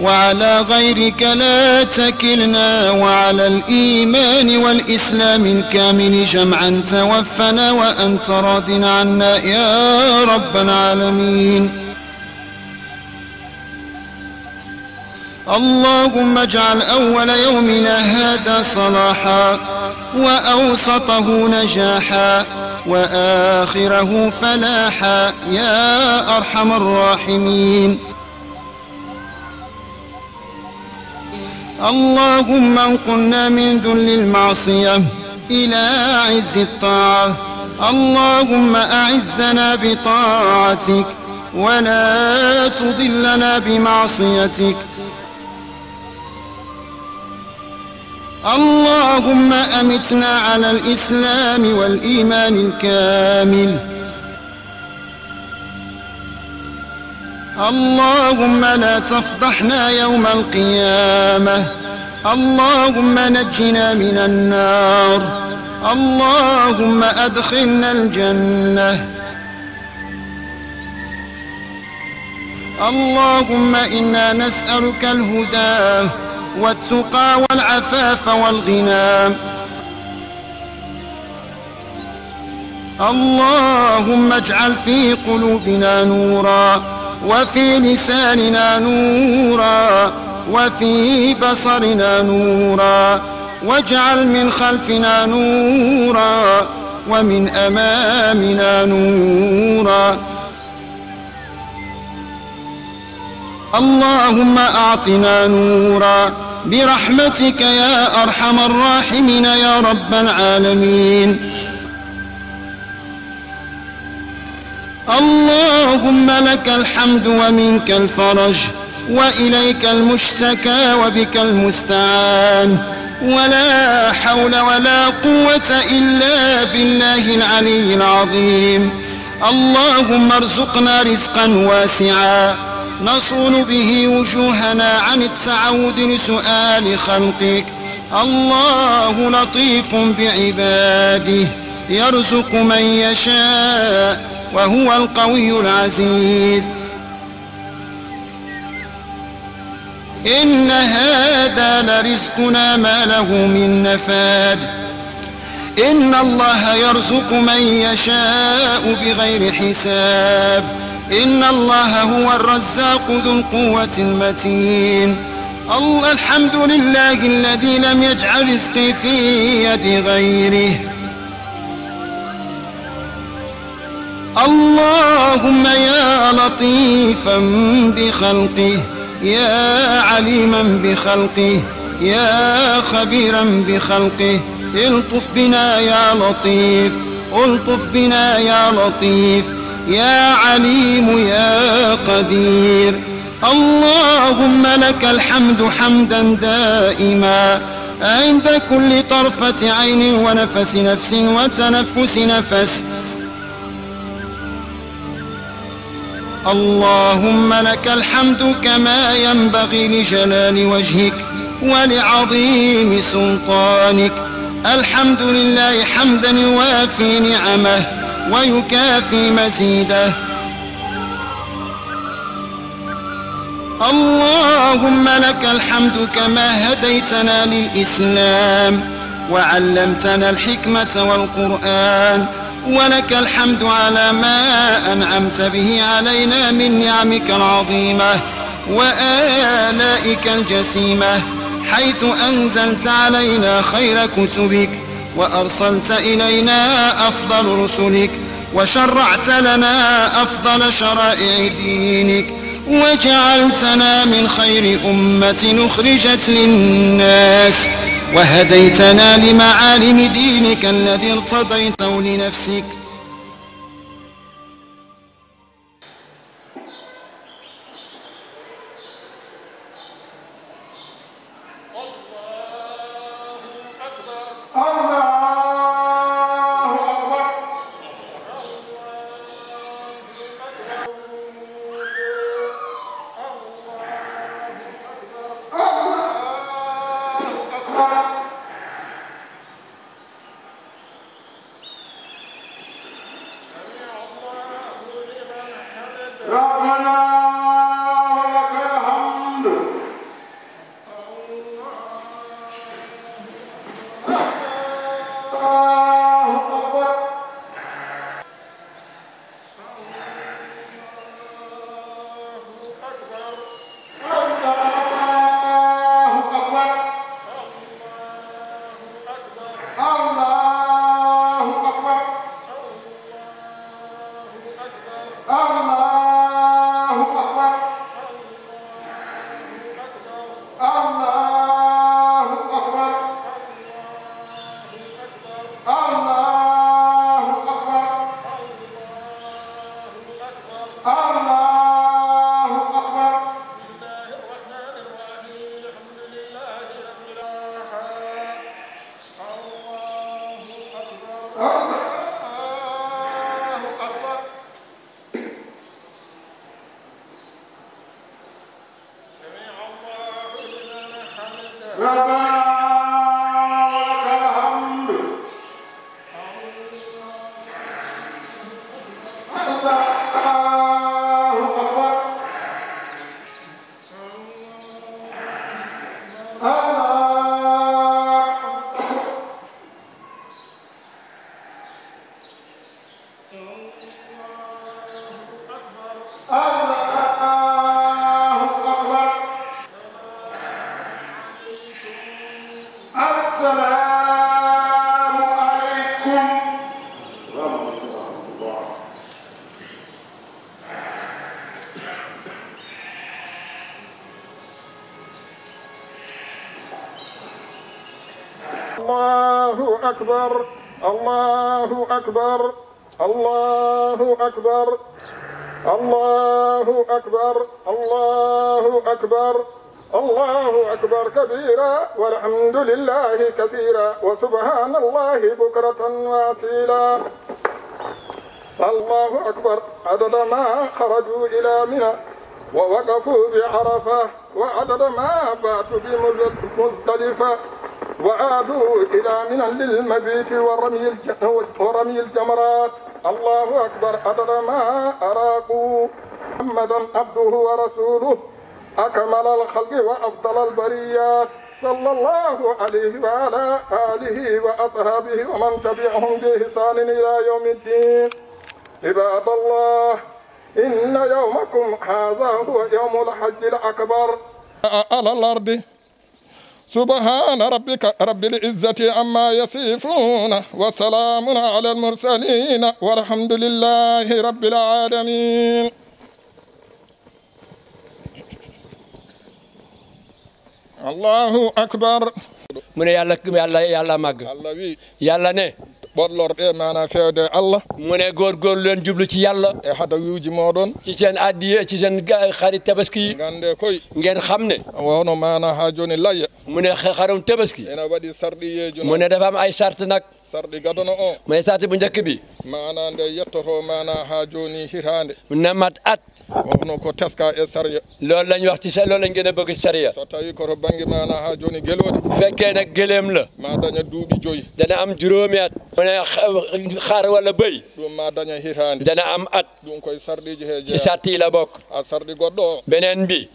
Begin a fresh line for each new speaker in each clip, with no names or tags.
وعلى غيرك لا تكلنا وعلى الإيمان والإسلام الكامل جمعا توفنا وأنت راض عنا يا رب العالمين اللهم اجعل أول يومنا هذا صلاحا وأوسطه نجاحا وآخره فلاحا يا أرحم الراحمين اللهم انقلنا من ذل المعصية إلى عز الطاعة اللهم أعزنا بطاعتك ولا تضلنا بمعصيتك اللهم أمتنا على الإسلام والإيمان الكامل اللهم لا تفضحنا يوم القيامة اللهم نجنا من النار اللهم أدخلنا الجنة اللهم إنا نسألك الهدى والتقى والعفاف والغنى اللهم اجعل في قلوبنا نوراً وفي لساننا نورا وفي بصرنا نورا واجعل من خلفنا نورا ومن أمامنا نورا اللهم أعطنا نورا برحمتك يا أرحم الراحمين يا رب العالمين اللهم لك الحمد ومنك الفرج وإليك المشتكى وبك المستعان ولا حول ولا قوة إلا بالله العلي العظيم اللهم ارزقنا رزقا واسعا نصون به وجوهنا عن التعود لسؤال خلقك الله لطيف بعباده يرزق من يشاء وهو القوي العزيز إن هذا لرزقنا ما له من نفاد إن الله يرزق من يشاء بغير حساب إن الله هو الرزاق ذو القوة المتين الحمد لله الذي لم يجعل رزقي في يد غيره اللهم يا لطيفا بخلقه يا عليما بخلقه يا خبيرا بخلقه الطف بنا يا لطيف الطف بنا يا لطيف يا عليم يا قدير اللهم لك الحمد حمدا دائما عند كل طرفة عين ونفس نفس وتنفس نفس اللهم لك الحمد كما ينبغي لجلال وجهك ولعظيم سلطانك الحمد لله حمدا يوافي نعمه ويكافي مزيده اللهم لك الحمد كما هديتنا للإسلام وعلمتنا الحكمة والقرآن ولك الحمد على ما أنعمت به علينا من نعمك العظيمة وآلائك الجسيمة حيث أنزلت علينا خير كتبك وأرسلت إلينا أفضل رسلك وشرعت لنا أفضل شرائع دينك وجعلتنا من خير أمة أخرجت للناس وهديتنا لمعالم دينك الذي ارتضيته لنفسك
Rabbi!
أكبر الله أكبر الله أكبر الله أكبر الله أكبر الله أكبر كبيرا والحمد لله كثيرا وسبحان الله بكرة وأصيلا الله أكبر عدد ما خرجوا إلى منى ووقفوا بعرفة وعدد ما باتوا بمزدلفة وعادوا إلى منى للمبيت ورمي ورمي الجمرات الله أكبر أدر ما أراقوا محمدا عبده ورسوله أكمل الخلق وأفضل البريات صلى الله عليه وعلى آله وأصحابه ومن تبعهم بإحسان إلى يوم الدين عباد الله إن يومكم هذا هو يوم الحج الأكبر على الأرض سبحان ربك رب العزة عما يصفون وسلام على المرسلين والحمد لله رب
العالمين الله أكبر من يالك يالا يالا مغ
يالا نه ɓorlorɗe mana fewde allah mone gorgorlu en jublu ci yalla
e hadawiuji moɗon ci sen addi e ci sen xarit tabaski gande koy ngeen xam ne
wono mana ha joni layya
mone xarum tabaski ene waɗi sarɗiyeji mone dafa am
ay sart nag sardi gadono
o mais sati bu ndiek bi
mana nde yettoto mana ha joni hitande namat at wono ko teska e sarya lol lañ wax ci lol lañ gëna bëgg ci sarya so tawi ko koto banggue mana ha joni gelodi fekke nak gelem la ma daña duubi joy dana am juróomi at mone xaar wala bëy ɗum ma daña hitande dana am at ɗum koy sarɗiji he je ci sarti la bok a sarɗi goɗɗo o bi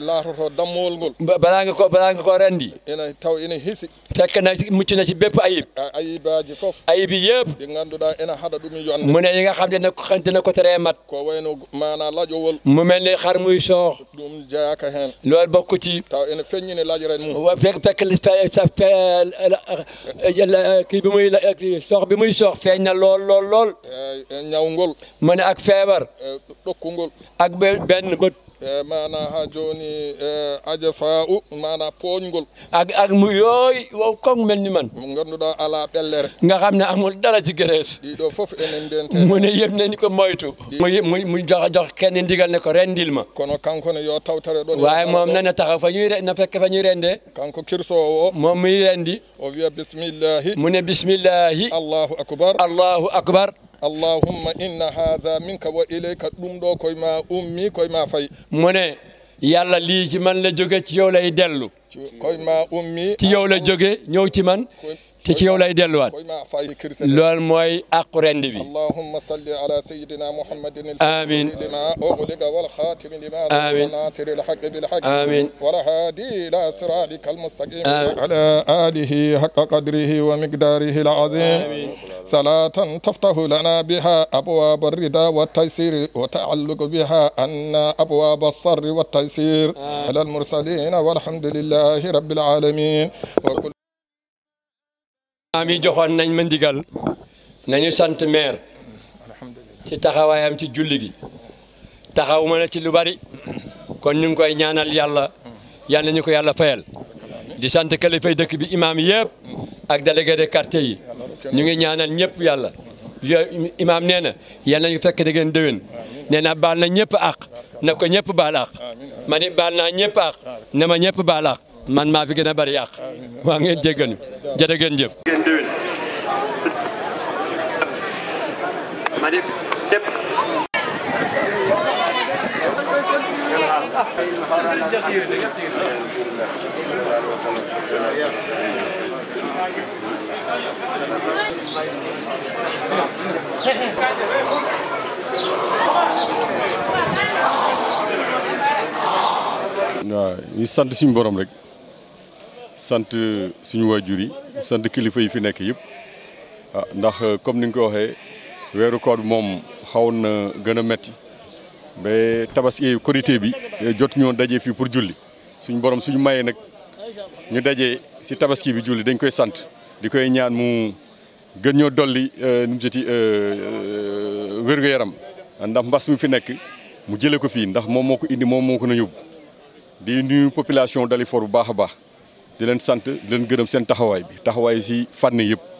laatoto dammowol ngol balaa nga ko balaa nga ko rendi ina taw ina hisi fekk na mucc na ci bépp ayib ayibaji fof ayibi yëpp ɗi ngannduɗa ina haɗa ɗum yonde mu yi nga
xam ne ne xante na ko tere mat
ko wayno mana lajowol mu mel ni xar muy soox ɗum jeyaka heen loolu
bokku ci taw ina feññini lajren mum wa fekk fekk sa kii bi muy soox bi muy soox feeñ na lool lool lool e ñaw ngol mu ne ak feebar ɗokkungol ak benn bët E, mana ha joni
e, aja fa'u mana poñgol ak mu yooy wow kon mel ni man mo ganduɗa ala ɓellere nga xam ne amul dara ci gerees ɗiɗo e enen ndente mu ne yëpp
neni ko moytu mu mu jox jox kenn ndigal ne ko rendil ma
kono kanko ne yo tawtare ɗo nana
taxaw fa ñuy na fekk fa ñuy rende kanko kirsowo o moom muy rendi
o wiya bismillahi mu ne bismillahi allahu akbar allahu akbar allahumma inna hadha minka wa ilayka ɗum ɗo koye ma ummi koye ma fayi mu ne yàlla lii ci man
la jóge ci yow lay dellu koye ma ummi ci yow la jóge ñëw ci man te ci yow lay delluwaat loolu mooy àqu rend bi
allahumma salli ala sayyidina
muhammadin amin
lima ughliqa wal khatim lima amin nasir al
haqq bil haqq amin
wa hadi ila siratika al mustaqim ala alihi haqqa qadrihi wa miqdarihi al azim salatan taftahu lana biha abwab ar rida wa taysir wa ta'alluq biha anna abwab as sarr wa taysir ala al mursalin walhamdulillahi rabbil alamin
Ami joxon nañ ma ndigal nañu sante maire ci taxawaayam ci julli gi taxaw ma na ci lu bari kon ñu koy ñaanal yalla Yalla ñu ko yalla fayal di sante kalifay dekk bi imam yeb ak délégué de quartier yi ñu ngi ñaanal ñepp yalla imam neena yalla ñu fekk de gene déwén neena bal na ñepp ak na ko ñëpp baal àq ma ni na ma man ma fi gëna bari ak wa ngeen jéggañu jëf
waaw ñu sant suñu borom rek sant suñu waajur yi sant kilifa yi fi nekk yépp ah ndax comme ni nga ko waxee weeru koor bi moom xawoon na gën a metti ba tabaski korité bi jot ñoo daje fii pour julli suñu borom suñu mayee nag ñu daje si tabaski bi julli dañ koy sant di koy ñaan mu gën ñoo dolli euh, nu mu jëti euh, euh, wér-gu-yaram ndax mbas mi fi nekk mu jëlee ko fii ndax moom moo ko indi moom moo ko na yóbbu di nuyu population Dalifort bu baax a baax di leen sant di leen gërëm seen taxawaay bi taxawaay si fànn yëpp.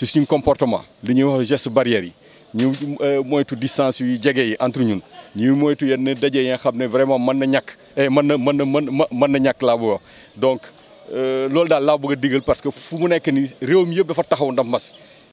si suñu comportement li ñuy wax geste barrière yi ñu euh, moytu distance yu jege yi entre ñun ñu moytu yenn dajé yi nga xam vraiment mën na ñàkk et eh, mën na mën na mën na ñàkk laa bëgg wax donc euh, loolu daal laa bëgg a parce que fu mu nekk nii réew mi yëpp dafa taxaw ndam mas